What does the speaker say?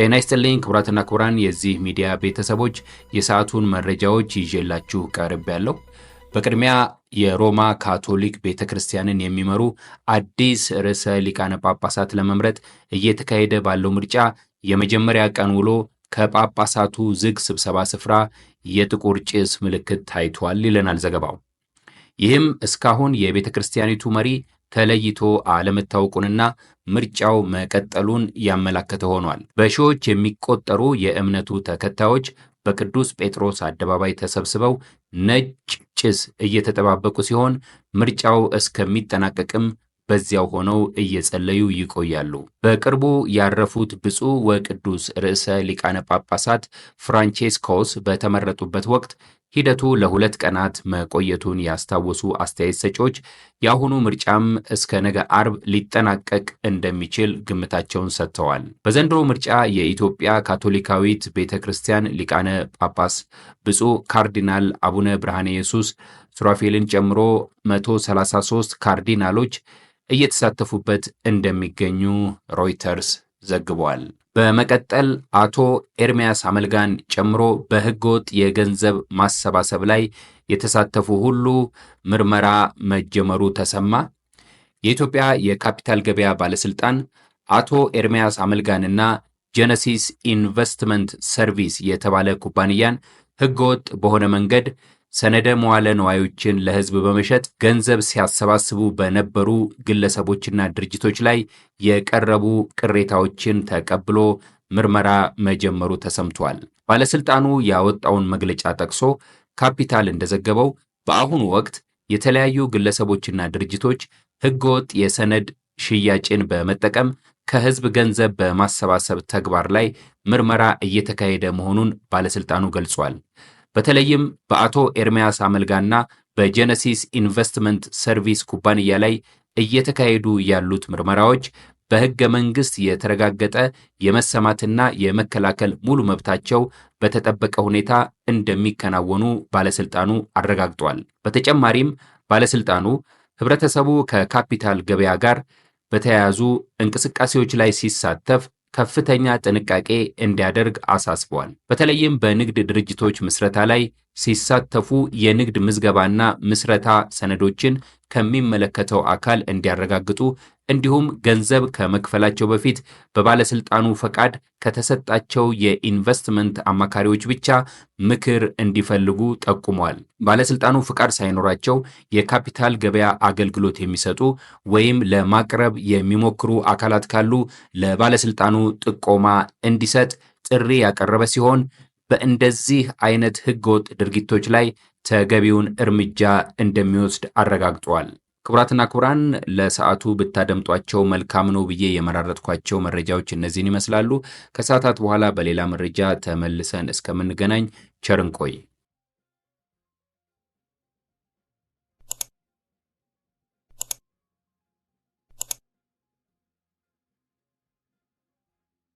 ጤና ይስጥልኝ ክቡራትና ክቡራን የዚህ ሚዲያ ቤተሰቦች የሰዓቱን መረጃዎች ይዤላችሁ ቀርብ ያለው በቅድሚያ የሮማ ካቶሊክ ቤተ ክርስቲያንን የሚመሩ አዲስ ርዕሰ ሊቃነ ጳጳሳት ለመምረጥ እየተካሄደ ባለው ምርጫ የመጀመሪያ ቀን ውሎ ከጳጳሳቱ ዝግ ስብሰባ ስፍራ የጥቁር ጭስ ምልክት ታይቷል ይለናል ዘገባው። ይህም እስካሁን የቤተ ክርስቲያኒቱ መሪ ተለይቶ አለመታወቁንና ምርጫው መቀጠሉን ያመላከተ ሆኗል። በሺዎች የሚቆጠሩ የእምነቱ ተከታዮች በቅዱስ ጴጥሮስ አደባባይ ተሰብስበው ነጭ ጭስ እየተጠባበቁ ሲሆን ምርጫው እስከሚጠናቀቅም በዚያው ሆነው እየጸለዩ ይቆያሉ። በቅርቡ ያረፉት ብፁዕ ወቅዱስ ርዕሰ ሊቃነ ጳጳሳት ፍራንቼስኮስ በተመረጡበት ወቅት ሂደቱ ለሁለት ቀናት መቆየቱን ያስታወሱ አስተያየት ሰጪዎች የአሁኑ ምርጫም እስከ ነገ አርብ ሊጠናቀቅ እንደሚችል ግምታቸውን ሰጥተዋል። በዘንድሮ ምርጫ የኢትዮጵያ ካቶሊካዊት ቤተ ክርስቲያን ሊቃነ ጳጳስ ብፁዕ ካርዲናል አቡነ ብርሃነ ኢየሱስ ሱራፌልን ጨምሮ 133 ካርዲናሎች እየተሳተፉበት እንደሚገኙ ሮይተርስ ዘግቧል። በመቀጠል አቶ ኤርሚያስ አመልጋን ጨምሮ በህገወጥ የገንዘብ ማሰባሰብ ላይ የተሳተፉ ሁሉ ምርመራ መጀመሩ ተሰማ። የኢትዮጵያ የካፒታል ገበያ ባለስልጣን አቶ ኤርሚያስ አመልጋንና ጀነሲስ ኢንቨስትመንት ሰርቪስ የተባለ ኩባንያን ህገወጥ በሆነ መንገድ ሰነደ መዋለ ነዋዮችን ለህዝብ በመሸጥ ገንዘብ ሲያሰባስቡ በነበሩ ግለሰቦችና ድርጅቶች ላይ የቀረቡ ቅሬታዎችን ተቀብሎ ምርመራ መጀመሩ ተሰምቷል። ባለሥልጣኑ ያወጣውን መግለጫ ጠቅሶ ካፒታል እንደዘገበው በአሁኑ ወቅት የተለያዩ ግለሰቦችና ድርጅቶች ሕገወጥ የሰነድ ሽያጭን በመጠቀም ከህዝብ ገንዘብ በማሰባሰብ ተግባር ላይ ምርመራ እየተካሄደ መሆኑን ባለሥልጣኑ ገልጿል። በተለይም በአቶ ኤርሚያስ አመልጋና በጀነሲስ ኢንቨስትመንት ሰርቪስ ኩባንያ ላይ እየተካሄዱ ያሉት ምርመራዎች በሕገ መንግሥት የተረጋገጠ የመሰማትና የመከላከል ሙሉ መብታቸው በተጠበቀ ሁኔታ እንደሚከናወኑ ባለሥልጣኑ አረጋግጧል። በተጨማሪም ባለሥልጣኑ ህብረተሰቡ ከካፒታል ገበያ ጋር በተያያዙ እንቅስቃሴዎች ላይ ሲሳተፍ ከፍተኛ ጥንቃቄ እንዲያደርግ አሳስቧል። በተለይም በንግድ ድርጅቶች ምስረታ ላይ ሲሳተፉ የንግድ ምዝገባና ምስረታ ሰነዶችን ከሚመለከተው አካል እንዲያረጋግጡ እንዲሁም ገንዘብ ከመክፈላቸው በፊት በባለስልጣኑ ፈቃድ ከተሰጣቸው የኢንቨስትመንት አማካሪዎች ብቻ ምክር እንዲፈልጉ ጠቁመዋል። ባለስልጣኑ ፈቃድ ሳይኖራቸው የካፒታል ገበያ አገልግሎት የሚሰጡ ወይም ለማቅረብ የሚሞክሩ አካላት ካሉ ለባለስልጣኑ ጥቆማ እንዲሰጥ ጥሪ ያቀረበ ሲሆን በእንደዚህ አይነት ህገወጥ ድርጊቶች ላይ ተገቢውን እርምጃ እንደሚወስድ አረጋግጧል። ክቡራትና ክቡራን ለሰዓቱ ብታደምጧቸው መልካም ነው ብዬ የመራረጥኳቸው መረጃዎች እነዚህን ይመስላሉ። ከሰዓታት በኋላ በሌላ መረጃ ተመልሰን እስከምንገናኝ ቸርንቆይ